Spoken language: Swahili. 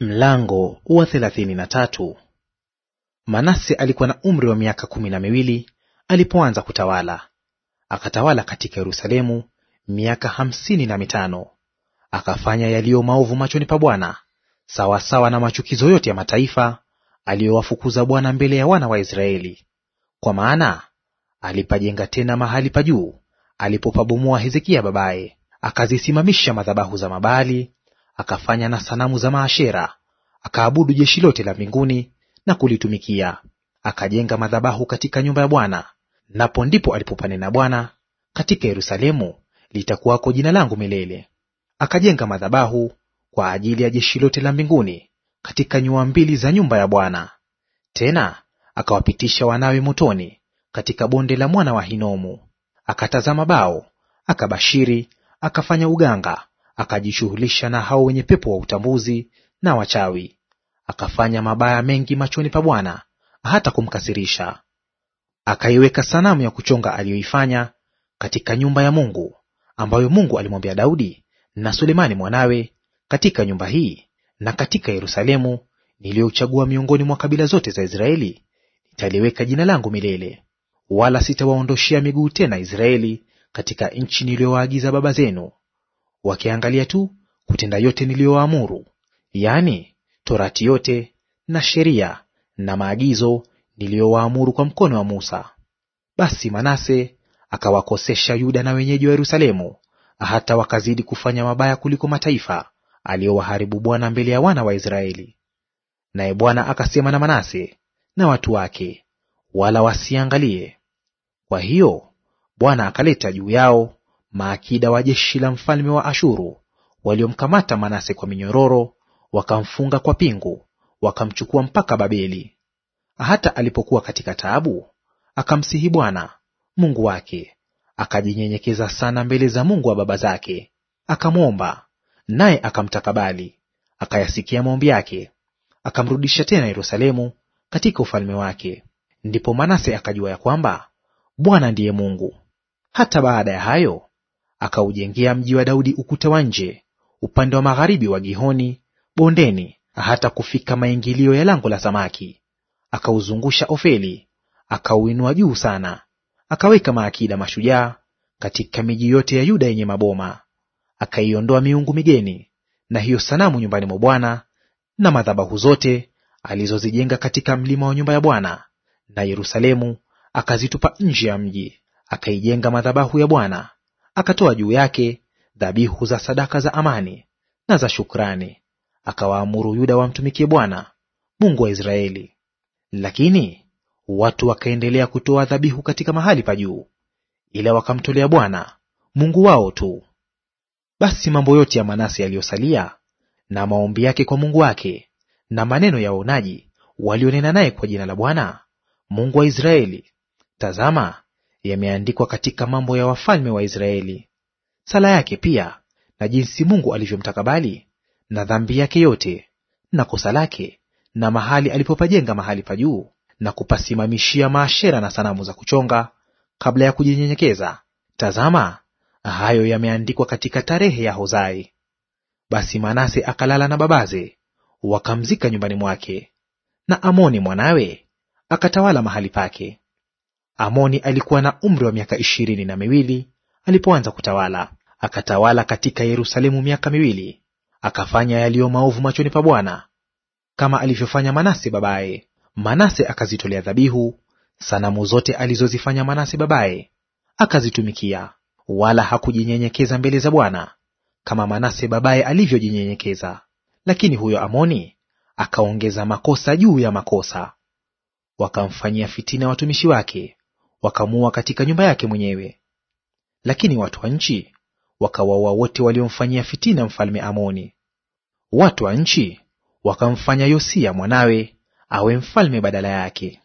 Mlango wa thelathini na tatu. Manase alikuwa na umri wa miaka kumi na miwili alipoanza kutawala, akatawala katika Yerusalemu miaka hamsini na mitano. Akafanya yaliyo maovu machoni pa Bwana, sawasawa na machukizo yote ya mataifa aliyowafukuza Bwana mbele ya wana wa Israeli. Kwa maana alipajenga tena mahali pa juu alipopabomoa Hezekia babaye, akazisimamisha madhabahu za Mabaali akafanya na sanamu za maashera, akaabudu jeshi lote la mbinguni na kulitumikia. Akajenga madhabahu katika nyumba ya Bwana, napo ndipo alipopanena Bwana, katika Yerusalemu litakuwako jina langu milele. Akajenga madhabahu kwa ajili ya jeshi lote la mbinguni katika nyua mbili za nyumba ya Bwana. Tena akawapitisha wanawe motoni katika bonde la mwana wa Hinomu. Akatazama bao, akabashiri, akafanya uganga, akajishughulisha na hao wenye pepo wa utambuzi na wachawi, akafanya mabaya mengi machoni pa Bwana hata kumkasirisha. Akaiweka sanamu ya kuchonga aliyoifanya katika nyumba ya Mungu, ambayo Mungu alimwambia Daudi na Sulemani mwanawe, katika nyumba hii na katika Yerusalemu niliyochagua miongoni mwa kabila zote za Israeli nitaliweka jina langu milele, wala sitawaondoshea miguu tena Israeli katika nchi niliyowaagiza baba zenu, wakiangalia tu kutenda yote niliyowaamuru, yaani torati yote na sheria na maagizo niliyowaamuru kwa mkono wa Musa. Basi Manase akawakosesha Yuda na wenyeji wa Yerusalemu, hata wakazidi kufanya mabaya kuliko mataifa aliyowaharibu Bwana mbele ya wana wa Israeli. Naye Bwana akasema na Manase na watu wake, wala wasiangalie. Kwa hiyo Bwana akaleta juu yao maakida wa jeshi la mfalme wa Ashuru waliomkamata Manase kwa minyororo, wakamfunga kwa pingu, wakamchukua mpaka Babeli. Hata alipokuwa katika taabu, akamsihi Bwana Mungu wake, akajinyenyekeza sana mbele za Mungu wa baba zake, akamwomba, naye akamtakabali, akayasikia maombi yake, akamrudisha tena Yerusalemu katika ufalme wake. Ndipo Manase akajua ya kwamba Bwana ndiye Mungu. Hata baada ya hayo Akaujengea mji wa Daudi ukuta wa nje upande wa magharibi wa Gihoni bondeni, hata kufika maingilio ya lango la samaki. Akauzungusha Ofeli, akauinua juu sana. Akaweka maakida mashujaa katika miji yote ya Yuda yenye maboma. Akaiondoa miungu migeni na hiyo sanamu nyumbani mwa Bwana na madhabahu zote alizozijenga katika mlima wa nyumba ya Bwana, na Yerusalemu akazitupa nje ya mji. Akaijenga madhabahu ya Bwana akatoa juu yake dhabihu za sadaka za amani na za shukrani, akawaamuru Yuda wamtumikie Bwana Mungu wa Israeli. Lakini watu wakaendelea kutoa dhabihu katika mahali pa juu, ila wakamtolea Bwana Mungu wao tu. Basi mambo yote ya Manase yaliyosalia na maombi yake kwa Mungu wake na maneno ya waonaji walionena naye kwa jina la Bwana Mungu wa Israeli, tazama, yameandikwa katika mambo ya wafalme wa Israeli, sala yake pia na jinsi Mungu alivyomtakabali na dhambi yake yote na kosa lake na mahali alipopajenga mahali pa juu na kupasimamishia maashera na sanamu za kuchonga kabla ya kujinyenyekeza. Tazama, hayo yameandikwa katika tarehe ya Hozai. Basi Manase akalala na babaze, wakamzika nyumbani mwake, na Amoni mwanawe akatawala mahali pake. Amoni alikuwa na umri wa miaka ishirini na miwili alipoanza kutawala, akatawala katika Yerusalemu miaka miwili. Akafanya yaliyo maovu machoni pa Bwana kama alivyofanya Manase babaye. Manase akazitolea dhabihu sanamu zote alizozifanya Manase babaye, akazitumikia, wala hakujinyenyekeza mbele za Bwana kama Manase babaye alivyojinyenyekeza. Lakini huyo Amoni akaongeza makosa juu ya makosa. Wakamfanyia fitina watumishi wake, wakamuua katika nyumba yake mwenyewe. Lakini watu wa nchi wakawaua wote waliomfanyia fitina mfalme Amoni. Watu wa nchi wakamfanya Yosia mwanawe awe mfalme badala yake.